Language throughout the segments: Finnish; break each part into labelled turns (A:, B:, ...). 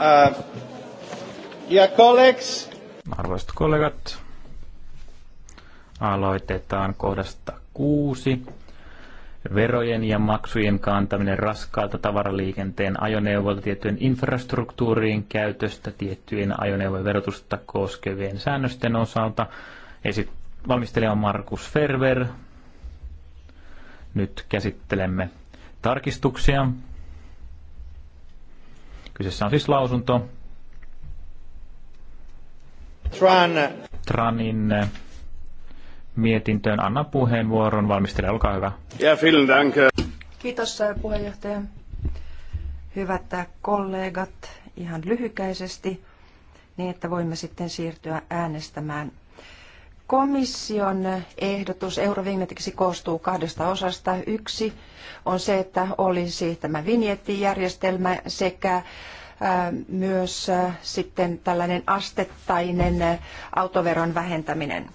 A: Äh, ja
B: Arvoisat kollegat, aloitetaan kohdasta kuusi. Verojen ja maksujen kantaminen raskaalta tavaraliikenteen ajoneuvolta tiettyjen infrastruktuuriin käytöstä tiettyjen ajoneuvojen verotusta koskevien säännösten osalta. Esit- valmistelija on Markus Ferver. Nyt käsittelemme tarkistuksia. Kyseessä on siis lausunto. Tran. Tranin mietintöön. Anna puheenvuoron Valmistele, olkaa hyvä. Ja vielen dank.
C: Kiitos äh, puheenjohtaja. Hyvät äh, kollegat, ihan lyhykäisesti, niin että voimme sitten siirtyä äänestämään Komission ehdotus eurovignetiksi koostuu kahdesta osasta. Yksi on se, että olisi tämä vinjettijärjestelmä sekä äh, myös äh, sitten tällainen astettainen äh, autoveron vähentäminen.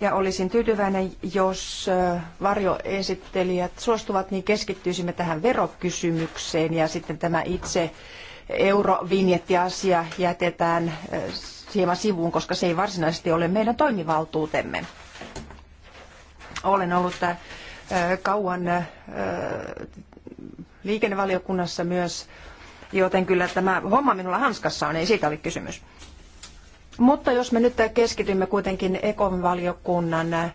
C: Ja olisin tyytyväinen, jos varjoesittelijät suostuvat, niin keskittyisimme tähän verokysymykseen ja sitten tämä itse eurovinjettiasia jätetään hieman sivuun, koska se ei varsinaisesti ole meidän toimivaltuutemme. Olen ollut äh, kauan äh, liikennevaliokunnassa myös, joten kyllä tämä homma minulla hanskassa on, ei siitä ole kysymys. Mutta jos me nyt keskitymme kuitenkin ekonvaliokunnan äh,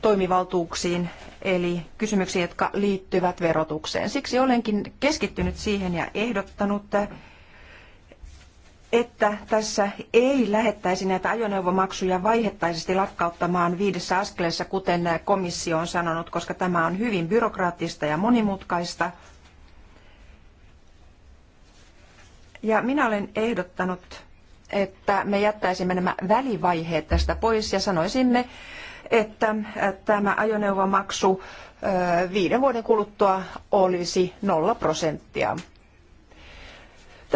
C: toimivaltuuksiin, eli kysymyksiin, jotka liittyvät verotukseen. Siksi olenkin keskittynyt siihen ja ehdottanut että tässä ei lähettäisi näitä ajoneuvomaksuja vaihettaisesti lakkauttamaan viidessä askeleessa, kuten komissio on sanonut, koska tämä on hyvin byrokraattista ja monimutkaista. Ja minä olen ehdottanut, että me jättäisimme nämä välivaiheet tästä pois ja sanoisimme, että tämä ajoneuvomaksu viiden vuoden kuluttua olisi nolla prosenttia.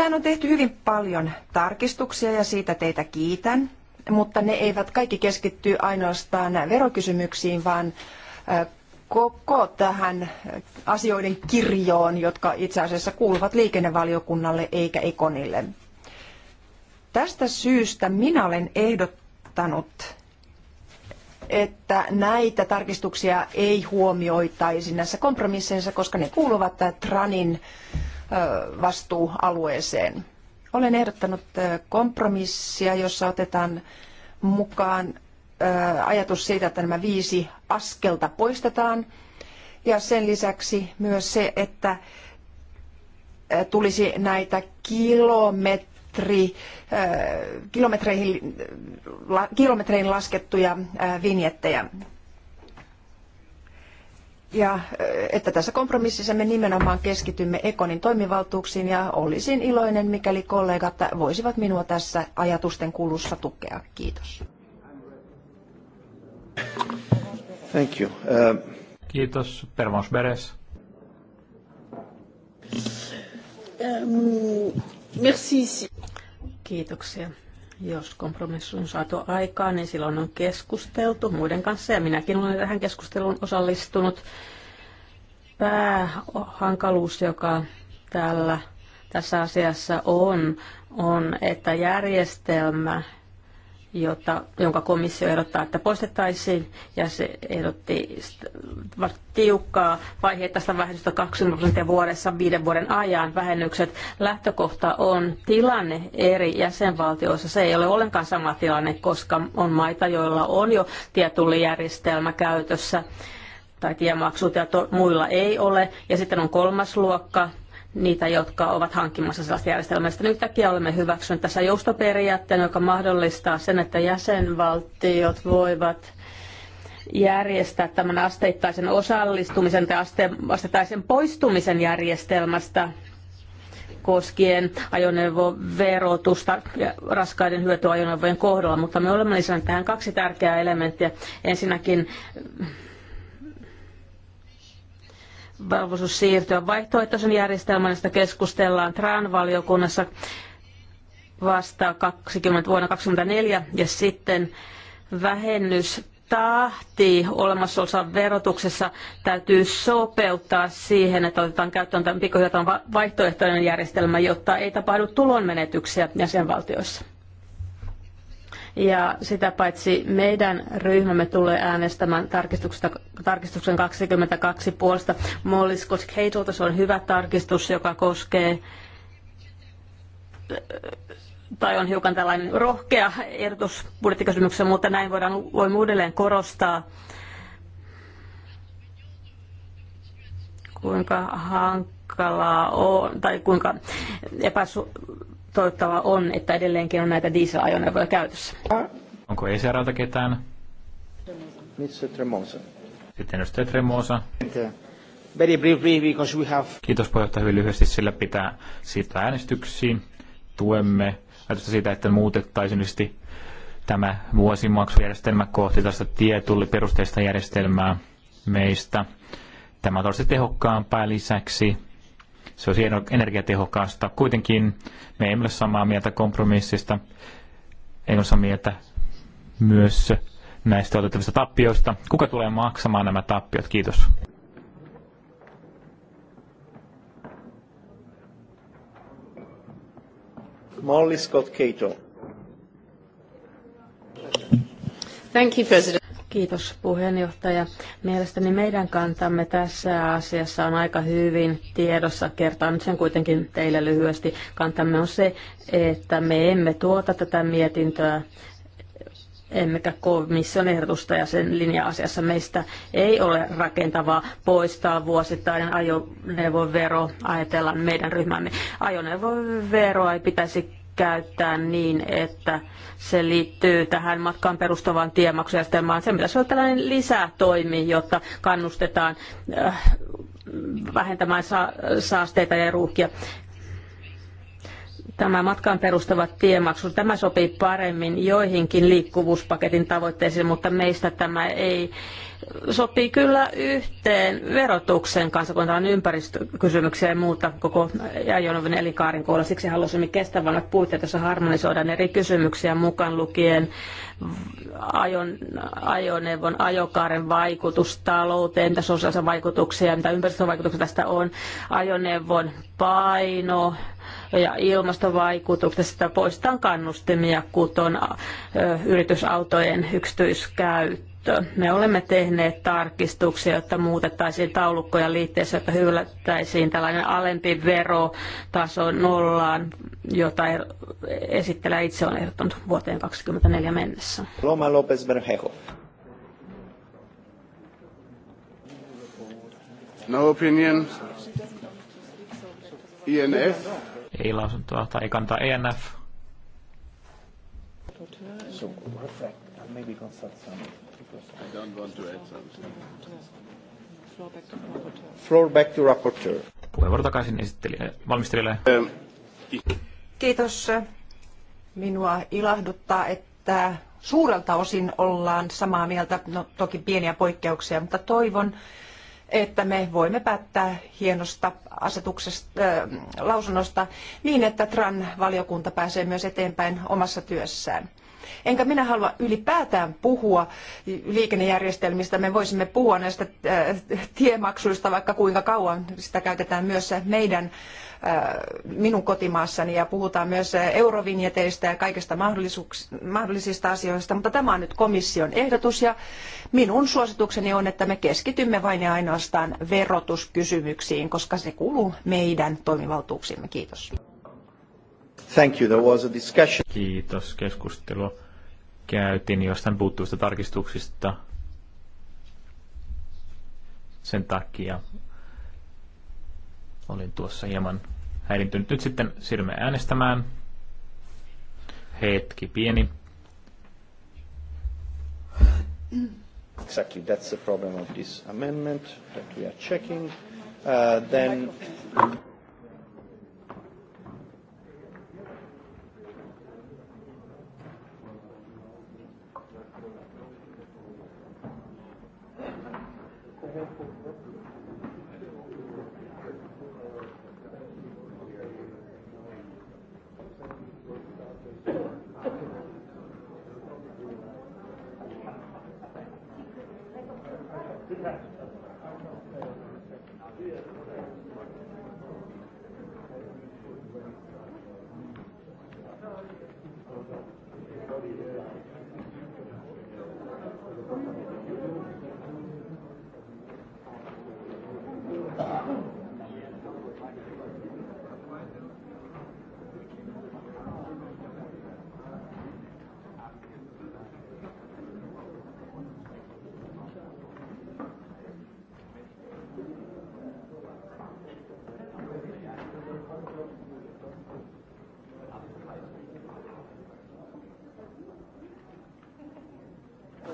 C: Tähän on tehty hyvin paljon tarkistuksia ja siitä teitä kiitän, mutta ne eivät kaikki keskittyy ainoastaan verokysymyksiin, vaan koko tähän asioiden kirjoon, jotka itse asiassa kuuluvat liikennevaliokunnalle eikä Ekonille. Tästä syystä minä olen ehdottanut, että näitä tarkistuksia ei huomioitaisi näissä kompromisseissa, koska ne kuuluvat Tranin vastuualueeseen. Olen ehdottanut kompromissia, jossa otetaan mukaan ajatus siitä, että nämä viisi askelta poistetaan. Ja sen lisäksi myös se, että tulisi näitä kilometri, kilometreihin, kilometreihin laskettuja vinjettejä ja että tässä kompromississa me nimenomaan keskitymme Ekonin toimivaltuuksiin ja olisin iloinen, mikäli kollegat voisivat minua tässä ajatusten kulussa tukea. Kiitos.
B: Thank you. Uh... Kiitos. Pervons Beres.
D: Um, merci. Kiitoksia. Jos kompromissi on saatu aikaan, niin silloin on keskusteltu muiden kanssa ja minäkin olen tähän keskusteluun osallistunut. Päähankaluus, joka täällä tässä asiassa on, on, että järjestelmä, jota, jonka komissio ehdottaa, että poistettaisiin, ja se ehdotti tiukkaa vaiheittaista vähennystä 20 prosenttia vuodessa viiden vuoden ajan vähennykset. Lähtökohta on tilanne eri jäsenvaltioissa. Se ei ole ollenkaan sama tilanne, koska on maita, joilla on jo tietullijärjestelmä käytössä tai tiemaksut ja to, muilla ei ole. Ja sitten on kolmas luokka, niitä, jotka ovat hankkimassa sellaista järjestelmää. Sitten yhtäkkiä olemme hyväksyneet tässä joustoperiaatteen, joka mahdollistaa sen, että jäsenvaltiot voivat järjestää tämän asteittaisen osallistumisen tai aste, asteittaisen poistumisen järjestelmästä koskien ajoneuvoverotusta ja raskaiden hyötyajoneuvojen kohdalla, mutta me olemme lisänneet tähän kaksi tärkeää elementtiä. Ensinnäkin velvollisuus siirtyä vaihtoehtoisen järjestelmän, josta keskustellaan TRAN-valiokunnassa vasta 20, vuonna 2024 ja sitten vähennys tahti olemassaolonsa verotuksessa täytyy sopeuttaa siihen, että otetaan käyttöön tämän pikkuhiljaa vaihtoehtoinen järjestelmä, jotta ei tapahdu tulonmenetyksiä jäsenvaltioissa. Ja sitä paitsi meidän ryhmämme tulee äänestämään tarkistuksen 22 puolesta. Mollis Koskheitolta se on hyvä tarkistus, joka koskee tai on hiukan tällainen rohkea ehdotus budjettikysymyksessä, mutta näin voidaan, voimme uudelleen korostaa, kuinka hankalaa on, tai kuinka epäsu- toivottavaa on, että edelleenkin on näitä dieselajoneuvoja käytössä.
B: Onko ECRalta ketään?
A: Mr. Tremosa.
B: Sitten edustaja Tremosa.
A: Very briefly because we have...
B: Kiitos puheenjohtaja hyvin lyhyesti, sillä pitää siitä äänestyksiin. Tuemme ajatusta siitä, että muutettaisiin tämä vuosimaksujärjestelmä kohti tästä tietulliperusteista järjestelmää meistä. Tämä on tehokkaampaa lisäksi se olisi energiatehokasta. Kuitenkin me emme ole samaa mieltä kompromissista, ei ole samaa mieltä myös näistä otettavista tappioista. Kuka tulee maksamaan nämä tappiot? Kiitos.
A: Molly Scott Cato.
D: Thank you, President. Kiitos puheenjohtaja. Mielestäni meidän kantamme tässä asiassa on aika hyvin tiedossa. Kertaan nyt sen kuitenkin teille lyhyesti. Kantamme on se, että me emme tuota tätä mietintöä emmekä komission ehdotusta ja sen linja-asiassa meistä ei ole rakentavaa poistaa vuosittainen ajoneuvovero. Ajatellaan meidän ryhmämme. Ajoneuvoveroa ei pitäisi käyttää niin, että se liittyy tähän matkaan perustuvaan tiemaksujärjestelmään. Se pitäisi olla tällainen lisätoimi, jotta kannustetaan äh, vähentämään saasteita ja ruuhkia tämä matkaan perustuvat tiemaksu tämä sopii paremmin joihinkin liikkuvuuspaketin tavoitteisiin, mutta meistä tämä ei sopii kyllä yhteen verotuksen kanssa, kun on ympäristökysymyksiä ja muuta koko Jajonovin elinkaaren kohdalla. Siksi halusimme kestävämmät puitteet, jossa harmonisoidaan eri kysymyksiä mukaan lukien ajon, ajoneuvon ajokaaren vaikutus talouteen, mitä sosiaalisia vaikutuksia, mitä ympäristövaikutuksia tästä on, ajoneuvon paino, ja ilmastovaikutuksesta poistetaan kannustimia, kuten yritysautojen yksityiskäyttö me olemme tehneet tarkistuksia, jotta muutettaisiin taulukkoja liitteessä, että hylättäisiin tällainen alempi verotaso nollaan, jota er- esittelee itse on ehdottanut vuoteen 2024 mennessä.
A: Loma López Berhejo. No opinion.
E: INF. E
B: Ei lausuntoa tai kantaa ENF.
E: So, maybe consult some. I don't want to add something.
B: Floor back to rapporteur. Puheenvuoro takaisin valmistelijalle. Ähm,
C: Kiitos. Minua ilahduttaa, että suurelta osin ollaan samaa mieltä, no toki pieniä poikkeuksia, mutta toivon, että me voimme päättää hienosta asetuksesta, äh, lausunnosta niin, että TRAN-valiokunta pääsee myös eteenpäin omassa työssään. Enkä minä halua ylipäätään puhua liikennejärjestelmistä. Me voisimme puhua näistä äh, tiemaksuista vaikka kuinka kauan. Sitä käytetään myös meidän äh, minun kotimaassani ja puhutaan myös eurovinjeteistä ja kaikista mahdollisista asioista, mutta tämä on nyt komission ehdotus ja minun suositukseni on, että me keskitymme vain ja ainoastaan verotuskysymyksiin, koska se kuuluu meidän toimivaltuuksimme. Kiitos.
B: Thank you. There was a discussion. Kiitos. Keskustelu käytiin jostain puuttuvista tarkistuksista. Sen takia olin tuossa hieman häirintynyt. Nyt sitten siirrymme äänestämään. Hetki pieni. Exactly, that's the problem of this amendment that we are
A: checking. Uh, then...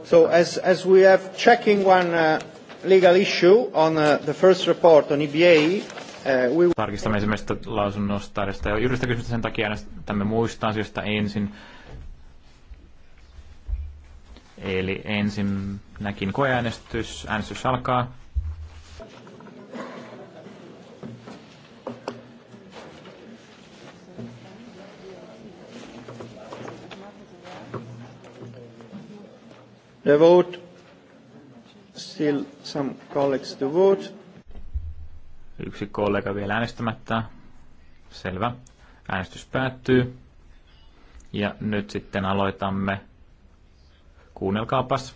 A: So as, as we have checking one uh, legal issue on uh, the first report on EBA, uh,
B: we... Tarkistamme ensimmäisestä lausunnosta edestä. Ja juridista kysymystä sen takia äänestämme muista asioista ensin. Eli ensinnäkin koeäänestys. Äänestys alkaa.
A: The vote. Still some colleagues to vote.
B: Yksi kollega vielä äänestämättä. Selvä. Äänestys päättyy. Ja nyt sitten aloitamme. Kuunnelkaapas.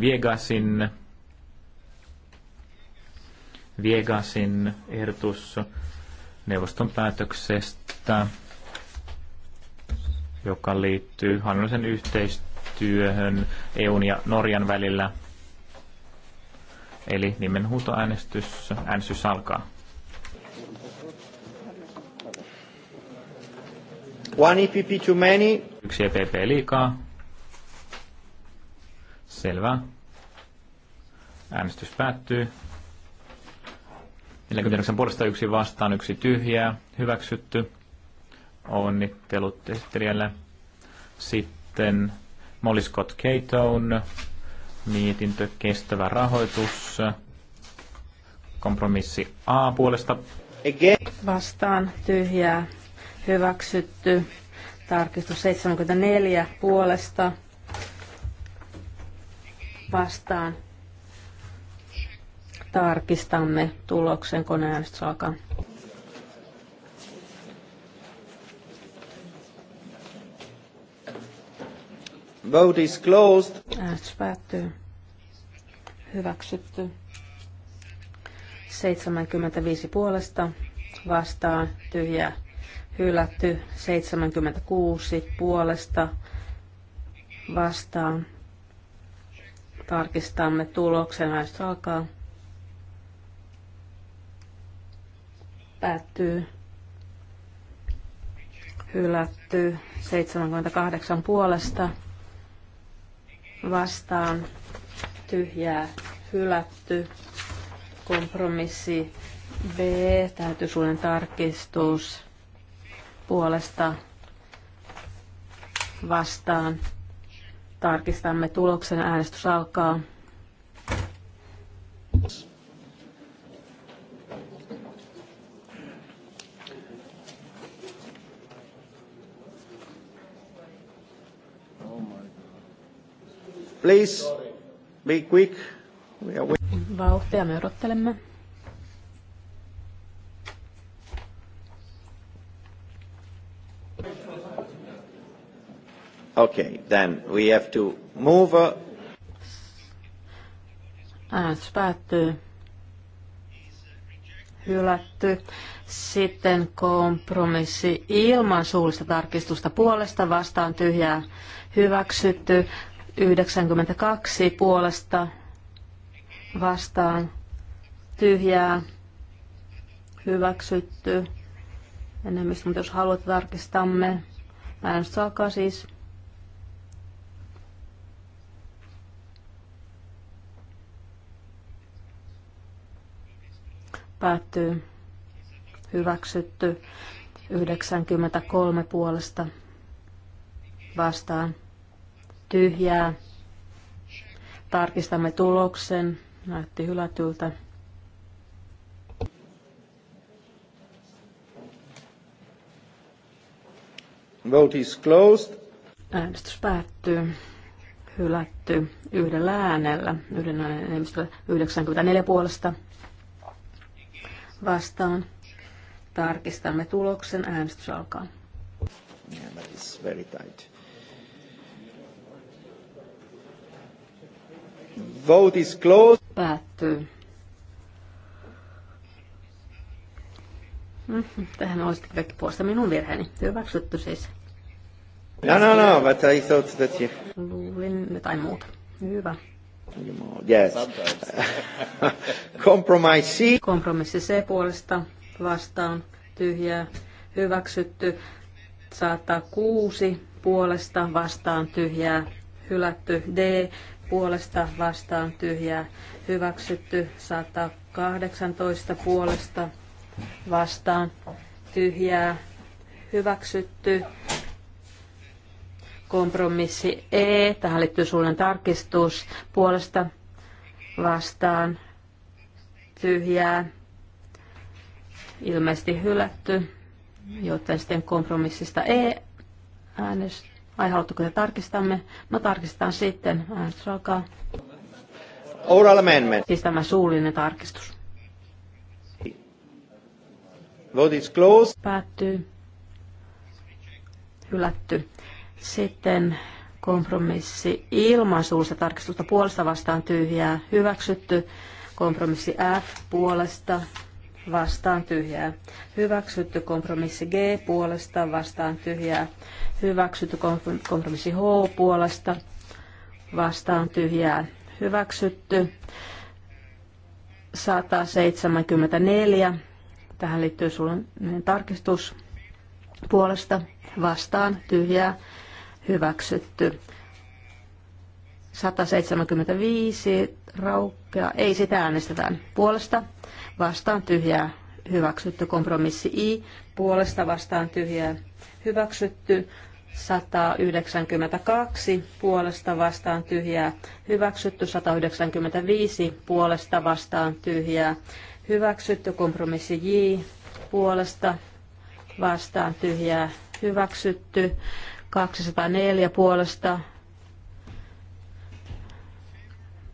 B: Viegasin, Viegasin ehdotus neuvoston päätöksestä, joka liittyy hallinnollisen yhteistyöhön yhteistyöhön EUn ja Norjan välillä. Eli nimenhuutoäänestys äänestys alkaa. One EPP too many. Yksi EPP liikaa. Selvä. Äänestys päättyy. 49 puolesta yksi vastaan, yksi tyhjää. Hyväksytty. Onnittelut esittelijälle. Sitten Molly Scott Caton, mietintö kestävä rahoitus, kompromissi A puolesta.
D: Vastaan tyhjää, hyväksytty, tarkistus 74 puolesta, vastaan tarkistamme tuloksen koneäänestys alkaa.
A: Vote is closed.
D: Äänestys päättyy. Hyväksytty. 75 puolesta vastaan tyhjä hylätty. 76 puolesta vastaan. Tarkistamme tuloksen. Äänestys alkaa. Päättyy hylätty 78 puolesta vastaan tyhjää hylätty. Kompromissi B, täytysuuden tarkistus puolesta vastaan. Tarkistamme tuloksen. Äänestys alkaa.
A: Please, be quick. We are
D: Vauhtia me odottelemme.
A: Okay, then we have to move. Uh,
D: Äänestys päättyy. Hylätty. Sitten kompromissi ilman suullista tarkistusta puolesta vastaan tyhjää hyväksytty. 92 puolesta vastaan tyhjää hyväksytty enemmistö, mutta jos haluatte tarkistamme, äänestys alkaa siis. Päättyy hyväksytty 93 puolesta vastaan tyhjää. Tarkistamme tuloksen. Näytti hylätyltä.
A: Vote is closed.
D: Äänestys päättyy. Hylätty yhdellä äänellä, yhden äänen enemmistöllä 94 puolesta vastaan. Tarkistamme tuloksen. Äänestys alkaa.
A: Yeah, that is very tight. Vote is closed. Päättyy.
D: Mm, tähän olisi kaikki puolesta minun virheeni. Hyväksytty siis. No, no, no,
A: but I thought that you...
D: Luulin jotain muuta. Hyvä. Yes. Kompromissi. Kompromissi C puolesta vastaan tyhjää hyväksytty. saattaa kuusi puolesta vastaan tyhjää hylätty. D puolesta vastaan tyhjää hyväksytty, 118 puolesta vastaan tyhjää hyväksytty, kompromissi E, tähän liittyy suunnan tarkistus, puolesta vastaan tyhjää ilmeisesti hylätty, joten sitten kompromissista E äänestys Ai haluatteko te tarkistamme? Mä no, tarkistan sitten. Äänestys alkaa.
A: Oral amendment.
D: Siis tämä suullinen tarkistus.
A: Vote is closed.
D: Päättyy. Hylätty. Sitten kompromissi ilman suullista tarkistusta puolesta vastaan tyhjää. Hyväksytty. Kompromissi F puolesta vastaan tyhjää. Hyväksytty kompromissi G puolesta vastaan tyhjää. Hyväksytty kompromissi H puolesta vastaan tyhjää. Hyväksytty 174. Tähän liittyy sulle tarkistus puolesta vastaan tyhjää. Hyväksytty 175 raukkaa ei sitä äänestetään puolesta vastaan tyhjää hyväksytty. Kompromissi I puolesta vastaan tyhjää hyväksytty. 192 puolesta vastaan tyhjää hyväksytty. 195 puolesta vastaan tyhjää hyväksytty. Kompromissi J puolesta vastaan tyhjää hyväksytty. 204 puolesta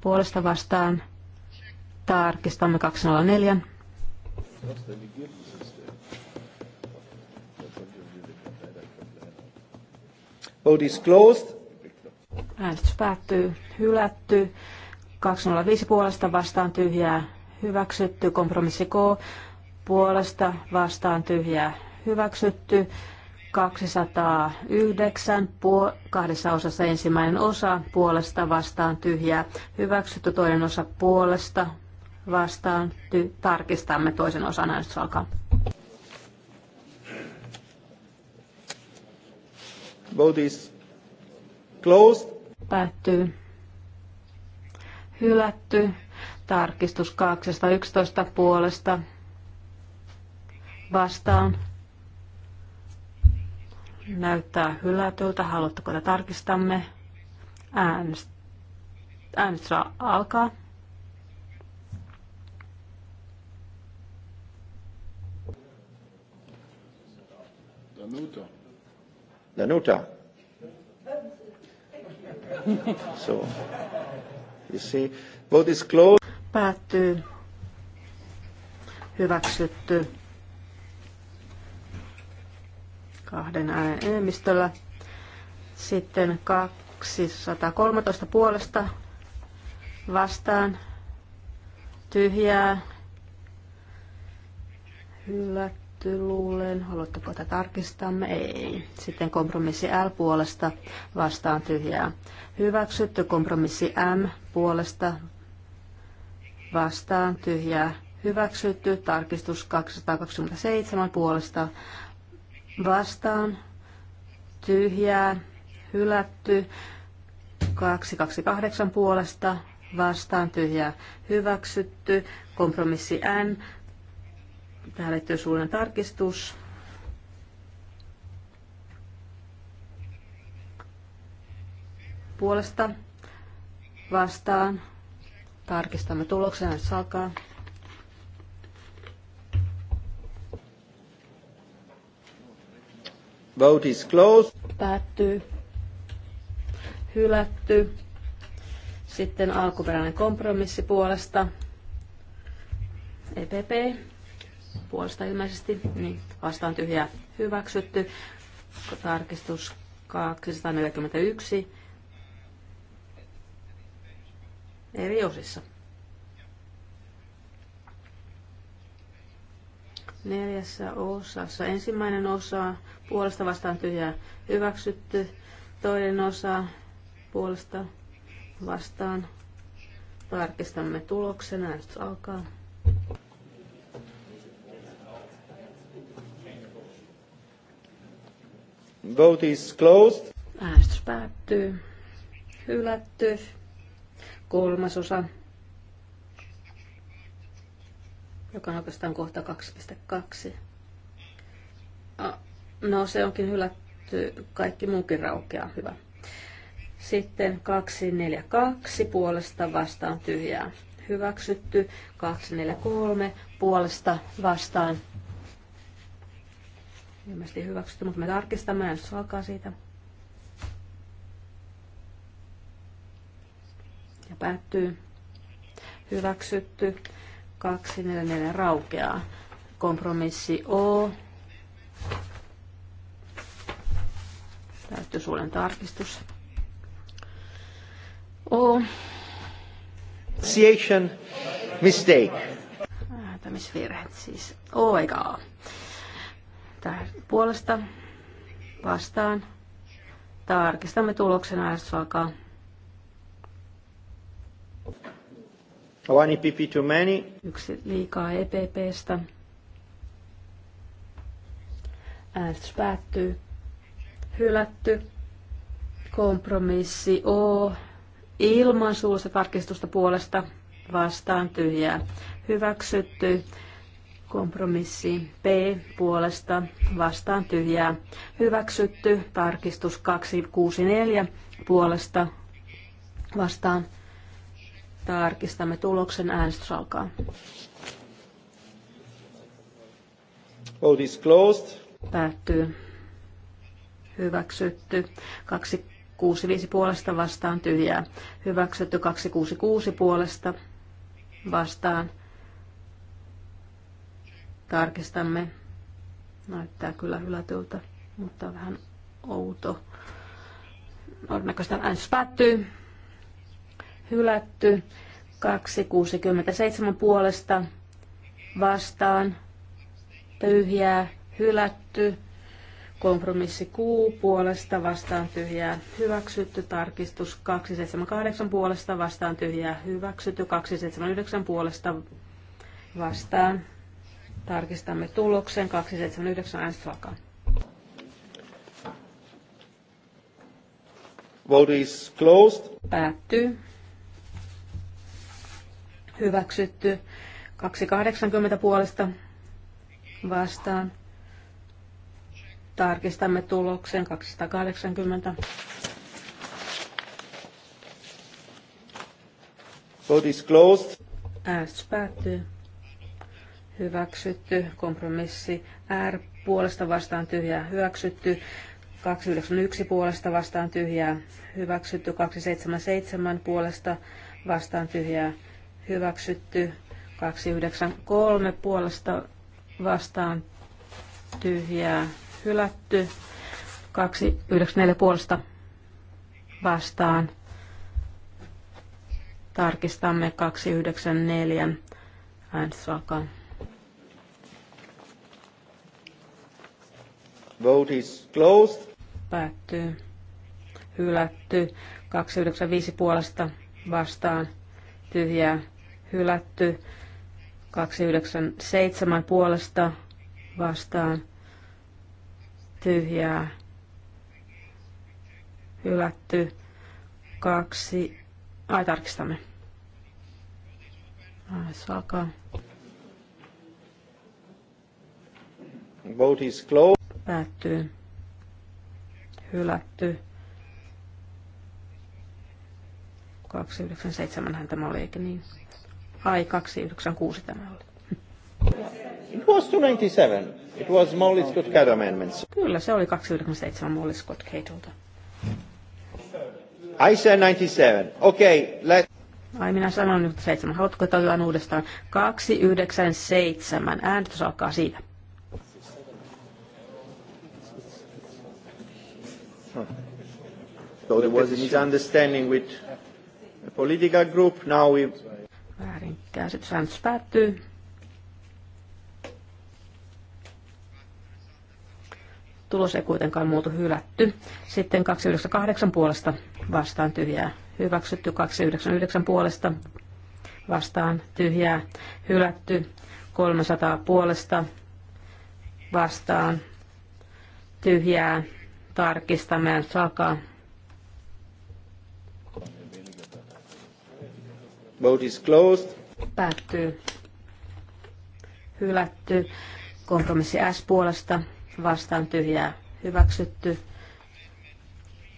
D: puolesta vastaan Tarkistamme 204.
A: Vote is closed.
D: Äänestys päättyy. Hylätty. 205 puolesta vastaan tyhjää. Hyväksytty. Kompromissi K. Puolesta vastaan tyhjää. Hyväksytty. 209 puol- kahdessa osassa ensimmäinen osa puolesta vastaan tyhjää. Hyväksytty toinen osa puolesta vastaan ty, tarkistamme toisen osan äänestys alkaa.
A: Vote is closed. Päättyy.
D: Hylätty. Tarkistus 211 puolesta vastaan. Näyttää hylätyltä. Haluatteko, että tarkistamme? Äänestys alkaa.
E: Danuta.
A: Danuta. so, you see, vote is closed.
D: Päättyy. Hyväksytty. Kahden äänen enemmistöllä. Sitten 213 puolesta vastaan. Tyhjää. hyllät hyväksytty, luulen. Haluatteko tätä tarkistamme? Ei. Sitten kompromissi L puolesta vastaan tyhjää. Hyväksytty kompromissi M puolesta vastaan tyhjää. Hyväksytty tarkistus 227 puolesta vastaan tyhjää. Hylätty 228 puolesta vastaan tyhjää. Hyväksytty kompromissi N Täällä liittyy tarkistus. Puolesta vastaan. Tarkistamme tuloksen, jos alkaa.
A: Vote is closed.
D: Päättyy. Hylätty. Sitten alkuperäinen kompromissi puolesta. EPP puolesta ilmeisesti, niin vastaan tyhjä hyväksytty. Tarkistus 241 eri osissa. Neljässä osassa. Ensimmäinen osa puolesta vastaan tyhjää hyväksytty. Toinen osa puolesta vastaan. Tarkistamme tuloksen. Äänestys alkaa.
A: Vote is closed.
D: Äänestys päättyy. Hylätty. Kolmasosa, joka on oikeastaan kohta 2.2. No se onkin hylätty. Kaikki muukin raukeaa. Hyvä. Sitten 242 puolesta vastaan tyhjää. Hyväksytty. 243 puolesta vastaan Ilmeisesti hyväksytty, mutta me tarkistamme, ensi alkaa siitä. Ja päättyy. Hyväksytty. 244 raukeaa. Kompromissi O. suolen tarkistus. O.
A: mistake.
D: Äätämisvirhe siis. O eikä A puolesta vastaan. Tarkistamme tuloksen äänestys alkaa.
A: One EPP too many.
D: Yksi liikaa EPPstä. Äänestys päättyy. Hylätty. Kompromissi O. Ilman suullista tarkistusta puolesta vastaan tyhjää. Hyväksytty. Kompromissi P puolesta vastaan tyhjää. Hyväksytty. Tarkistus 264 puolesta vastaan. Tarkistamme tuloksen. Äänestys alkaa.
A: Vote is closed.
D: Päättyy. Hyväksytty. 265 puolesta vastaan tyhjää. Hyväksytty 266 puolesta vastaan Tarkistamme. Näyttää kyllä hylätyltä, mutta vähän outo. Todennäköisesti äänestys päättyy. Hylätty. 267 puolesta vastaan. Tyhjää. Hylätty. Kompromissi Q puolesta vastaan tyhjää hyväksytty. Tarkistus 278 puolesta vastaan tyhjää hyväksytty. 279 puolesta vastaan Tarkistamme tuloksen. 279 äänestys
A: Vote is closed.
D: Päättyy. Hyväksytty. 280 puolesta vastaan. Tarkistamme tuloksen 280.
A: Vote is closed.
D: Äänestys päättyy hyväksytty, kompromissi R puolesta vastaan tyhjää hyväksytty, 291 puolesta vastaan tyhjää hyväksytty, 277 puolesta vastaan tyhjää hyväksytty, 293 puolesta vastaan tyhjää hylätty, 294 puolesta vastaan tarkistamme 294 äänestys alkaa.
A: Vote is closed.
D: Päättyy. Hylätty. 295 puolesta vastaan. Tyhjää. Hylätty. 297 puolesta vastaan. Tyhjää. Hylätty. Kaksi. Ai tarkistamme. Äänestys alkaa.
A: Vote is closed.
D: Päättyy. Hylätty. 297 hän tämä oli, eikä niin? Ai, 296 tämä oli. It was 297.
A: It was Molly Scott Cato amendments.
D: Kyllä, se oli 297 Molly Scott Catolta.
A: I said 97. Okay, let... Ai minä sanoin nyt
D: seitsemän. Haluatko toivoa uudestaan? 297. Äänestys alkaa siitä.
A: So there was a misunderstanding with a political group. Now we...
D: Väärin. päättyy. Tulos ei kuitenkaan muutu hylätty. Sitten 298 puolesta vastaan tyhjää. Hyväksytty 299 puolesta vastaan tyhjää. Hylätty 300 puolesta vastaan tyhjää tarkistamme, jos alkaa.
A: Vote is closed.
D: Päättyy. Hylätty. Kompromissi S puolesta. Vastaan tyhjää. Hyväksytty.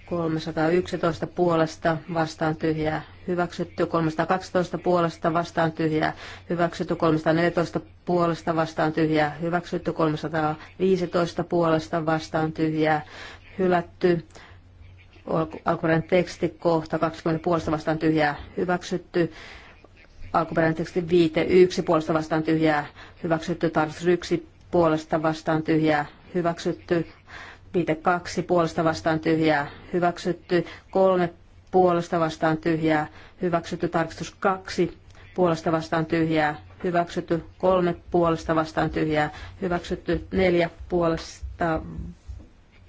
D: 311 puolesta vastaan tyhjää, hyväksytty 312 puolesta vastaan tyhjää, hyväksytty 314 puolesta vastaan tyhjää, hyväksytty 315 puolesta vastaan tyhjää, hylätty. Alkuperäinen teksti kohta 20 puolesta vastaan tyhjää hyväksytty. Alkuperäinen teksti viite 1 puolesta vastaan tyhjää hyväksytty. Tarkistus 1 puolesta vastaan tyhjää hyväksytty. Viite 2 puolesta vastaan tyhjää hyväksytty. 3 puolesta vastaan tyhjää hyväksytty. Tarkistus 2 puolesta vastaan tyhjää hyväksytty. 3 puolesta vastaan tyhjää hyväksytty. 4 puolesta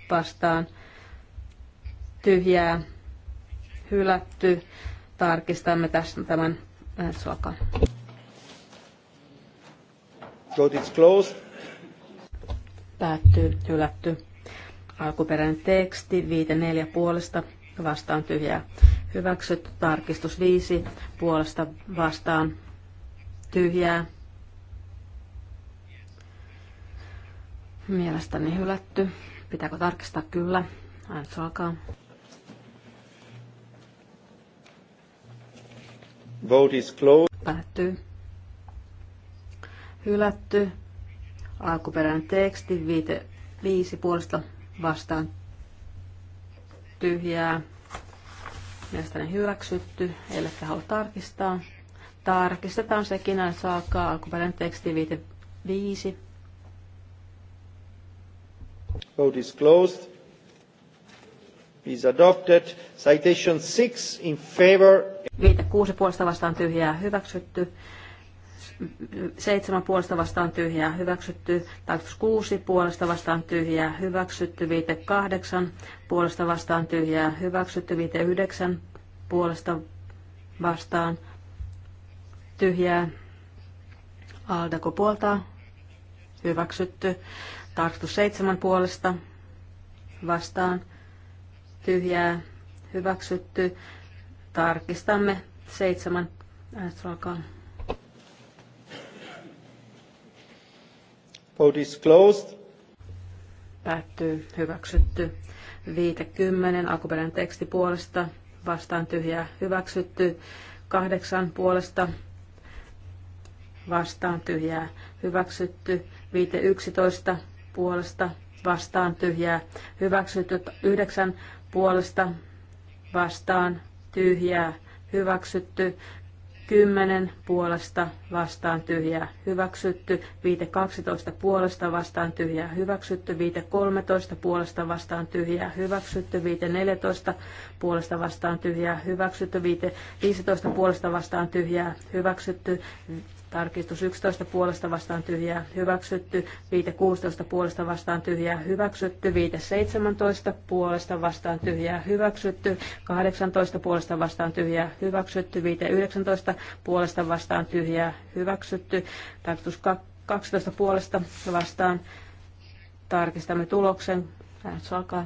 D: vastaan tyhjää hylätty. Tarkistamme tässä tämän suokan. closed. Päättyy, hylätty. Alkuperäinen teksti, viite neljä puolesta, vastaan tyhjää. Hyväksytty, tarkistus viisi, puolesta vastaan tyhjää. Mielestäni hylätty. Pitääkö tarkistaa? Kyllä. Äänestys alkaa.
A: Vote is closed.
D: Päättyy. Hylätty. Alkuperäinen teksti. Viite, viisi puolesta vastaan tyhjää. Mielestäni hyväksytty. Eli halua tarkistaa. Tarkistetaan sekin. että saakaa Alkuperäinen teksti. Viite, viisi.
A: Vote is closed. Is adopted. Citation 6 in
D: favor. Viite kuusi puolesta vastaan tyhjää hyväksytty. Seitsemän puolesta vastaan tyhjää hyväksytty. Tarkoitus kuusi puolesta vastaan tyhjää hyväksytty. Viite kahdeksan puolesta vastaan tyhjää hyväksytty. Viite yhdeksän puolesta vastaan tyhjää. Aldako puolta Hyväksytty tarttu seitsemän puolesta vastaan tyhjää hyväksytty. Tarkistamme seitsemän. Äänestys
A: Vote is closed.
D: Päättyy hyväksytty. Viite kymmenen alkuperäinen teksti puolesta vastaan tyhjää hyväksytty. Kahdeksan puolesta vastaan tyhjää hyväksytty. Viite yksitoista puolesta vastaan tyhjää hyväksytty, yhdeksän puolesta vastaan tyhjää hyväksytty, kymmenen puolesta vastaan tyhjää hyväksytty, viite kaksitoista puolesta vastaan tyhjää hyväksytty, viite kolmetoista puolesta vastaan tyhjää hyväksytty, viite neljätoista puolesta vastaan tyhjää hyväksytty, viite viisitoista puolesta vastaan tyhjää hyväksytty, Tarkistus 11 puolesta vastaan tyhjää hyväksytty, viite 16 puolesta vastaan tyhjää hyväksytty, viite 17 puolesta vastaan tyhjää hyväksytty, 18 puolesta vastaan tyhjää hyväksytty, viite 19 puolesta vastaan tyhjää hyväksytty, tarkistus 12 puolesta vastaan tarkistamme tuloksen. Äänestys alkaa.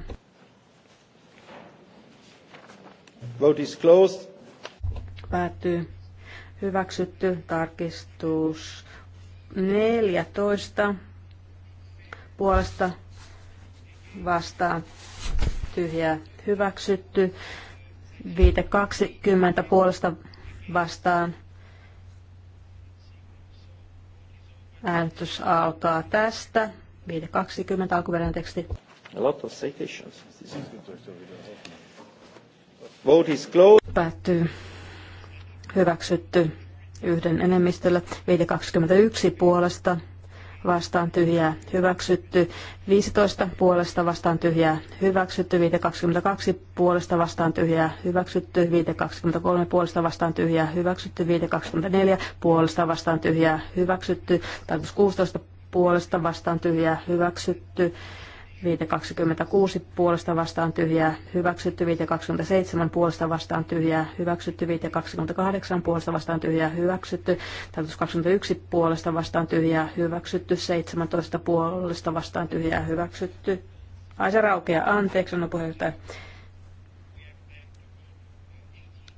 A: Vote is closed.
D: Päättyy Hyväksytty tarkistus 14 puolesta vastaan tyhjää hyväksytty. 520 puolesta vastaan äänestys alkaa tästä. 520 alkuperäinen teksti.
A: A lot of citations. This is good. Vote is closed.
D: Päättyy hyväksytty yhden enemmistöllä, viite 21 puolesta vastaan tyhjää hyväksytty, 15 puolesta vastaan tyhjää hyväksytty, viite puolesta vastaan tyhjää hyväksytty, viite puolesta vastaan tyhjää hyväksytty, viite puolesta vastaan tyhjää hyväksytty, tarkoitus 16 puolesta vastaan tyhjää hyväksytty, Viite 26 puolesta vastaan tyhjää, hyväksytty viite 27 puolesta vastaan tyhjää, hyväksytty viite 28 puolesta vastaan tyhjää, hyväksytty tarkoitus 21 puolesta vastaan tyhjää, hyväksytty 17 puolesta vastaan tyhjää, hyväksytty. Ai se raukea, anteeksi, on puheenjohtaja.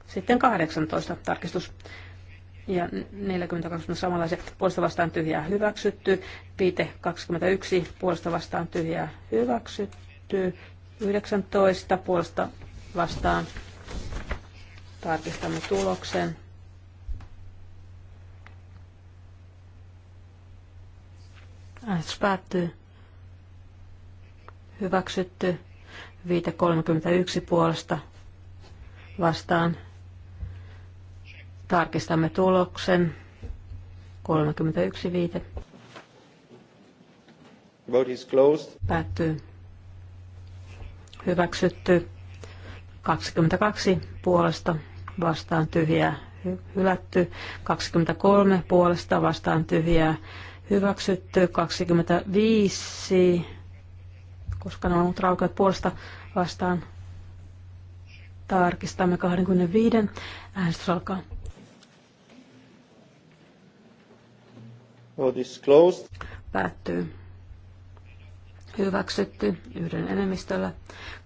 D: Sitten 18 tarkistus ja 42 samanlaisia puolesta vastaan tyhjää hyväksytty. Viite 21 puolesta vastaan tyhjää hyväksytty. 19 puolesta vastaan tarkistamme tuloksen. Äänestys päättyy. Hyväksytty. Viite 31 puolesta vastaan Tarkistamme tuloksen. 31.5.
A: Vote is closed.
D: Päättyy. Hyväksytty. 22 puolesta vastaan tyhjää hylätty. 23 puolesta vastaan tyhjää hyväksytty. 25, koska ne on ollut raukeat puolesta vastaan. Tarkistamme 25. Äänestys alkaa.
A: Vote is closed.
D: Päättyy. Hyväksytty yhden enemmistöllä.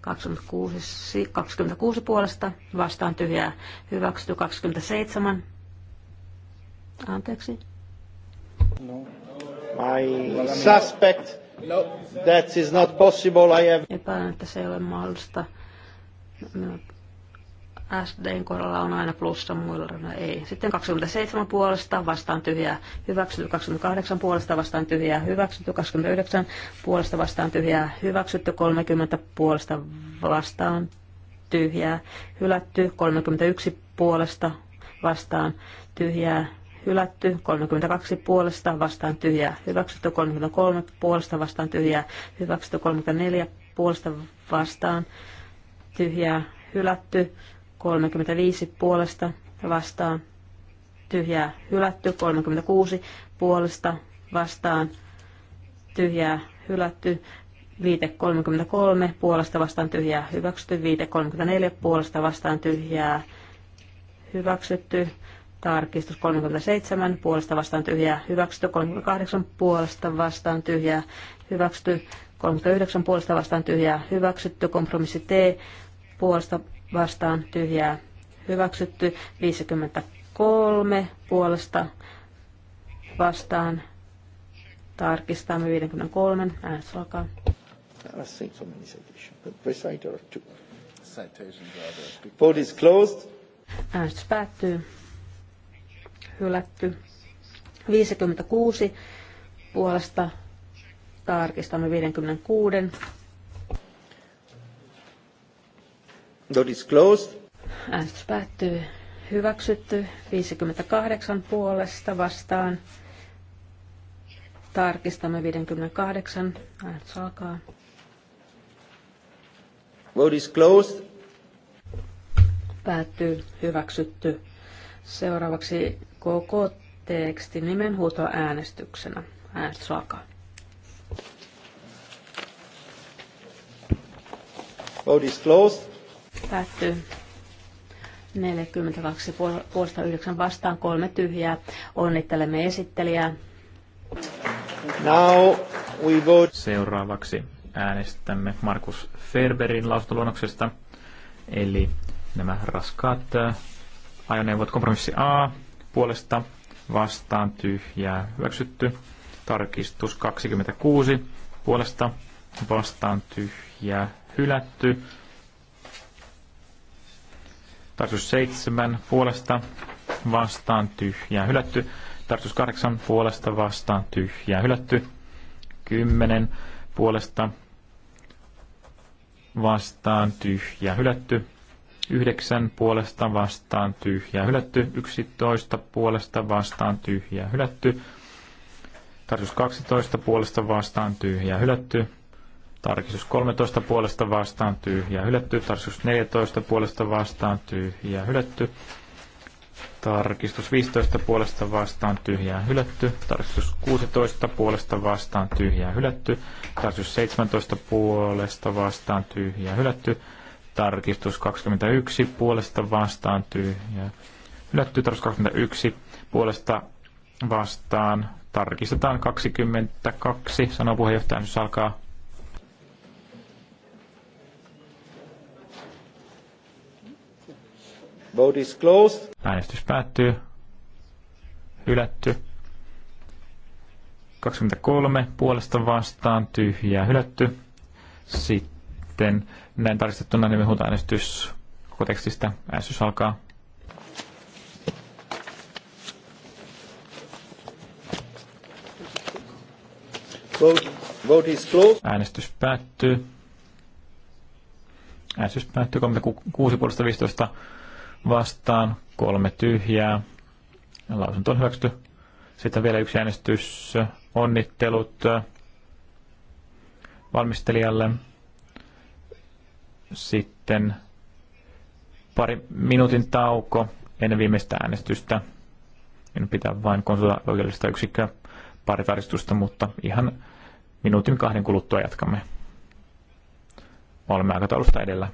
D: 26, 26 puolesta vastaan tyhjää. Hyväksytty 27.
A: Anteeksi. No. My suspect no. that is not possible. I have...
D: Epäilen, että se ei ole mahdollista. Minut no, SDn kohdalla on aina plussa, muilla ryhmillä ei. Sitten 27 puolesta vastaan tyhjää hyväksytty, 28 puolesta vastaan tyhjää hyväksytty, 29 puolesta vastaan tyhjää hyväksytty, 30 puolesta vastaan tyhjää hylätty, 31 puolesta vastaan tyhjää hylätty, 32 puolesta vastaan tyhjää hyväksytty, 33 puolesta vastaan tyhjää hyväksytty, 34 puolesta vastaan tyhjää hylätty, 35 puolesta vastaan tyhjää hylätty, 36 puolesta vastaan tyhjää hylätty, viite 33 puolesta vastaan tyhjää hyväksytty, viite 34 puolesta vastaan tyhjää hyväksytty, tarkistus 37 puolesta vastaan tyhjää hyväksytty, 38 puolesta vastaan tyhjää hyväksytty, 39 puolesta vastaan tyhjää hyväksytty, kompromissi T puolesta vastaan tyhjää hyväksytty, 53 puolesta vastaan tarkistamme 53, äänestys alkaa.
A: Vote is closed.
D: Äänestys päättyy. Hylätty. 56 puolesta tarkistamme 56. Vote is Äänestys päättyy. Hyväksytty 58 puolesta vastaan. Tarkistamme 58. Äänestys alkaa.
A: Vote is closed.
D: Päättyy. Hyväksytty. Seuraavaksi koko teksti nimenhuuto äänestyksenä. Äänestys alkaa.
A: Vote is closed.
D: Päättyy. 42 puolesta 9 vastaan, kolme tyhjää. Onnittelemme esittelijää.
B: Now we vote. Seuraavaksi äänestämme Markus Ferberin lausuntoluonnoksesta. Eli nämä raskaat äh, ajoneuvot kompromissi A puolesta vastaan tyhjää hyväksytty. Tarkistus 26 puolesta vastaan tyhjää hylätty. Tarkoitus 7 puolesta vastaan tyhjää hylätty. Tarkoitus 8 puolesta vastaan tyhjää hylätty. 10 puolesta vastaan tyhjää hylätty. 9 puolesta vastaan tyhjää hylätty. 11 puolesta vastaan tyhjää hylätty. Tarkoitus 12 puolesta vastaan tyhjää hylätty. Tarkistus 13 puolesta vastaan tyhjä hylätty. Tarkistus 14 puolesta vastaan tyhjä hylätty. Tarkistus 15 puolesta vastaan tyhjää hylätty. Tarkistus 16 puolesta vastaan tyhjää hylätty. Tarkistus 17 puolesta vastaan tyhjää hylätty. Tarkistus 21 puolesta vastaan tyhjä hylätty. Tarkistus 21 puolesta vastaan. Tarkistetaan 22, sanoo puheenjohtaja, jos alkaa
A: Vote is closed.
B: Äänestys päättyy. Hylätty. 23 puolesta vastaan tyhjää hylätty. Sitten näin tarkistettuna niin huuta äänestys koko tekstistä. Äänestys alkaa.
A: Vote, vote
B: is closed. Äänestys päättyy. Äänestys päättyy 36 puolesta 15 vastaan, kolme tyhjää. Lausunto on hyväksytty. Sitten vielä yksi äänestys. Onnittelut valmistelijalle. Sitten pari minuutin tauko ennen viimeistä äänestystä. En pitää vain konsulta oikeudellista yksikköä pari tarkistusta, mutta ihan minuutin kahden kuluttua jatkamme. Olemme aikataulusta edellä.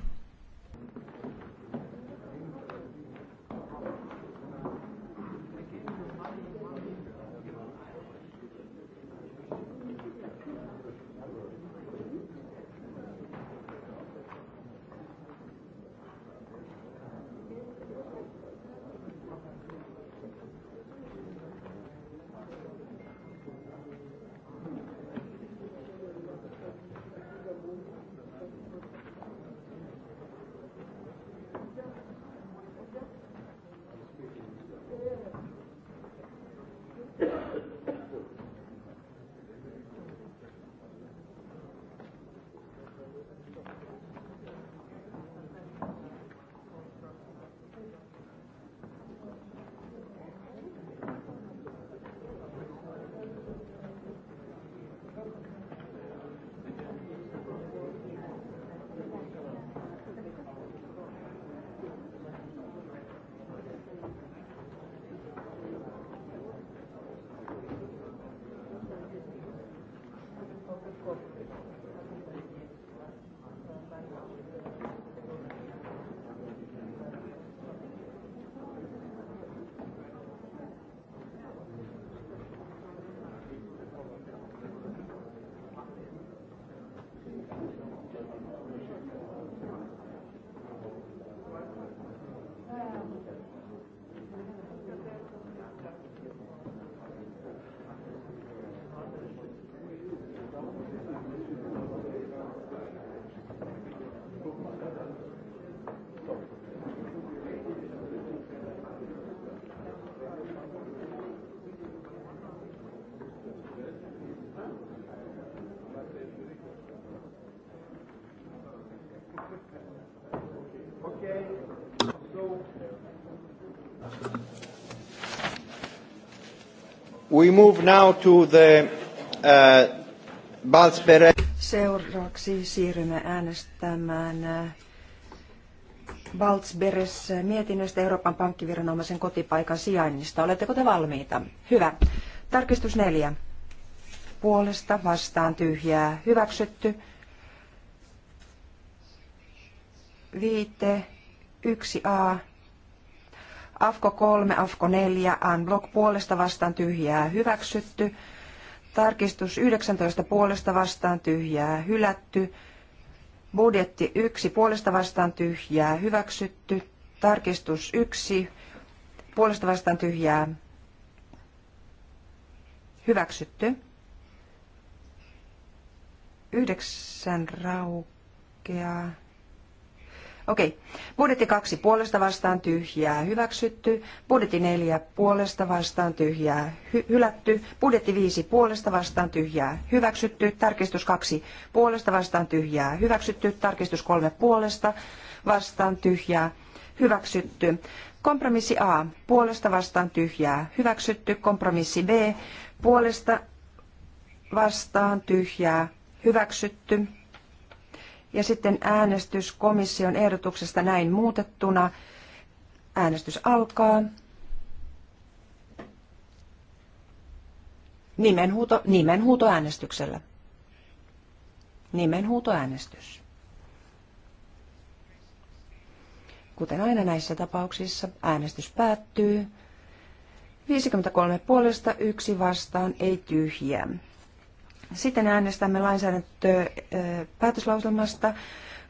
A: We move now to the uh,
C: Seuraavaksi siirrymme äänestämään uh, Baltsberes mietinnöstä Euroopan pankkiviranomaisen kotipaikan sijainnista. Oletteko te valmiita? Hyvä. Tarkistus neljä. Puolesta vastaan tyhjää. Hyväksytty. Viite. yksi a AFKO 3, AFKO 4, Unblock puolesta vastaan tyhjää hyväksytty. Tarkistus 19 puolesta vastaan tyhjää hylätty. Budjetti 1 puolesta vastaan tyhjää hyväksytty. Tarkistus 1 puolesta vastaan tyhjää hyväksytty. Yhdeksän raukeaa. Okei. Budjetti kaksi puolesta vastaan tyhjää hyväksytty. Budjetti neljä puolesta vastaan tyhjää hy- hylätty. Budjetti viisi puolesta vastaan tyhjää hyväksytty. Tarkistus kaksi puolesta vastaan tyhjää hyväksytty. Tarkistus kolme puolesta vastaan tyhjää hyväksytty. Kompromissi A puolesta vastaan tyhjää hyväksytty. Kompromissi B puolesta vastaan tyhjää hyväksytty ja sitten äänestys komission ehdotuksesta näin muutettuna. Äänestys alkaa. Nimenhuuto, nimenhuutoäänestyksellä. Nimenhuutoäänestys. Kuten aina näissä tapauksissa, äänestys päättyy. 53 puolesta, yksi vastaan, ei tyhjää. Sitten äänestämme lainsäädäntöä päätöslauselmasta.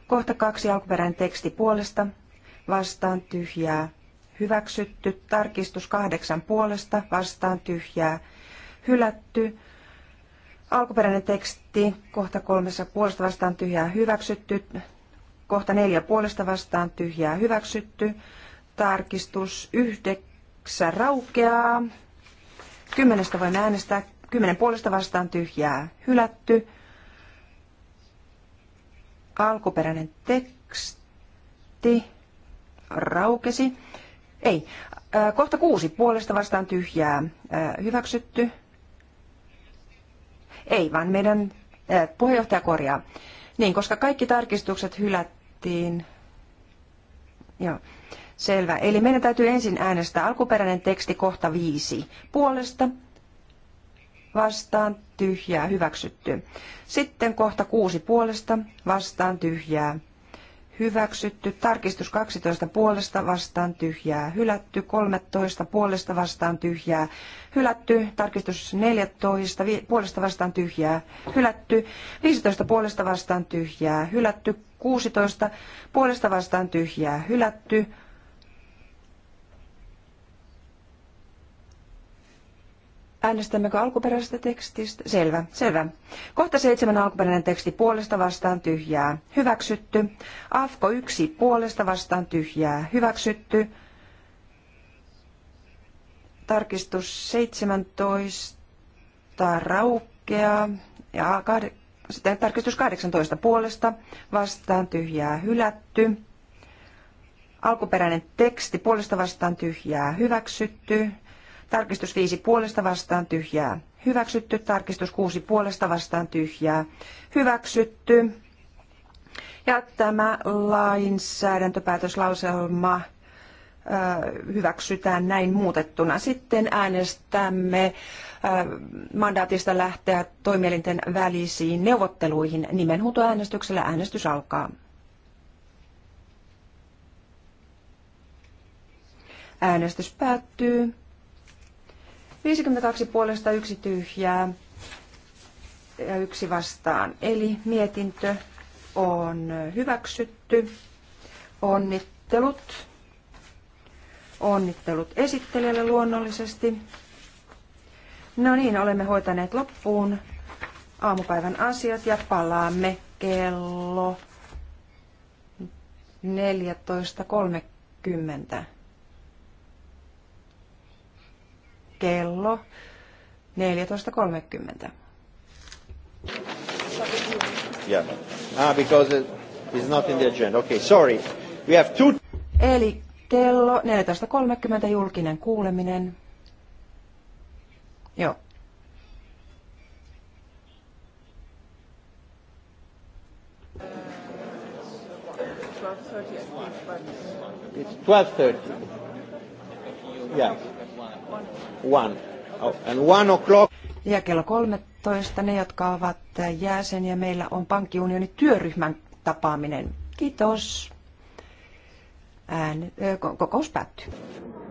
C: Kohta kaksi alkuperäinen teksti puolesta. Vastaan tyhjää. Hyväksytty. Tarkistus kahdeksan puolesta. Vastaan tyhjää. Hylätty. Alkuperäinen teksti. Kohta kolmessa puolesta vastaan tyhjää. Hyväksytty. Kohta neljä puolesta vastaan tyhjää. Hyväksytty. Tarkistus yhdeksän raukeaa. Kymmenestä voin äänestää Kymmenen puolesta vastaan tyhjää hylätty. Alkuperäinen teksti raukesi. Ei. Kohta kuusi puolesta vastaan tyhjää hyväksytty. Ei, vaan meidän puheenjohtaja korjaa. Niin, koska kaikki tarkistukset hylättiin. Joo. Selvä. Eli meidän täytyy ensin äänestää alkuperäinen teksti kohta viisi puolesta vastaan tyhjää hyväksytty. Sitten kohta kuusi puolesta vastaan tyhjää hyväksytty. Tarkistus 12 puolesta vastaan tyhjää hylätty. 13 puolesta vastaan tyhjää hylätty. Tarkistus 14 puolesta vastaan tyhjää hylätty. 15 puolesta vastaan tyhjää hylätty. 16 puolesta vastaan tyhjää hylätty. Äänestämmekö alkuperäisestä tekstistä? Selvä, selvä. Kohta seitsemän alkuperäinen teksti puolesta vastaan tyhjää. Hyväksytty. Afko yksi puolesta vastaan tyhjää. Hyväksytty. Tarkistus 17 raukeaa. Ja kahde, sitten tarkistus 18 puolesta vastaan tyhjää. Hylätty. Alkuperäinen teksti puolesta vastaan tyhjää. Hyväksytty. Tarkistus 5 puolesta vastaan tyhjää. Hyväksytty. Tarkistus 6 puolesta vastaan tyhjää. Hyväksytty. Ja tämä lainsäädäntöpäätöslauselma hyväksytään näin muutettuna. Sitten äänestämme mandaatista lähteä toimielinten välisiin neuvotteluihin. Nimenhuutoäänestyksellä äänestys alkaa. Äänestys päättyy. 52 puolesta yksi tyhjää ja yksi vastaan. Eli mietintö on hyväksytty. Onnittelut. Onnittelut esittelijälle luonnollisesti. No niin, olemme hoitaneet loppuun aamupäivän asiat ja palaamme kello 14.30. kello 14.30.
A: Yeah. Ah, because it's not in the agenda. Okay, sorry. We have two...
C: Eli kello 14.30 julkinen kuuleminen. Joo.
A: It's 12.30. Yeah one. Oh,
C: and one o'clock. Ja kello 13 ne, jotka ovat jäseniä, meillä on pankkiunionin työryhmän tapaaminen. Kiitos. Ään, kokous päättyy.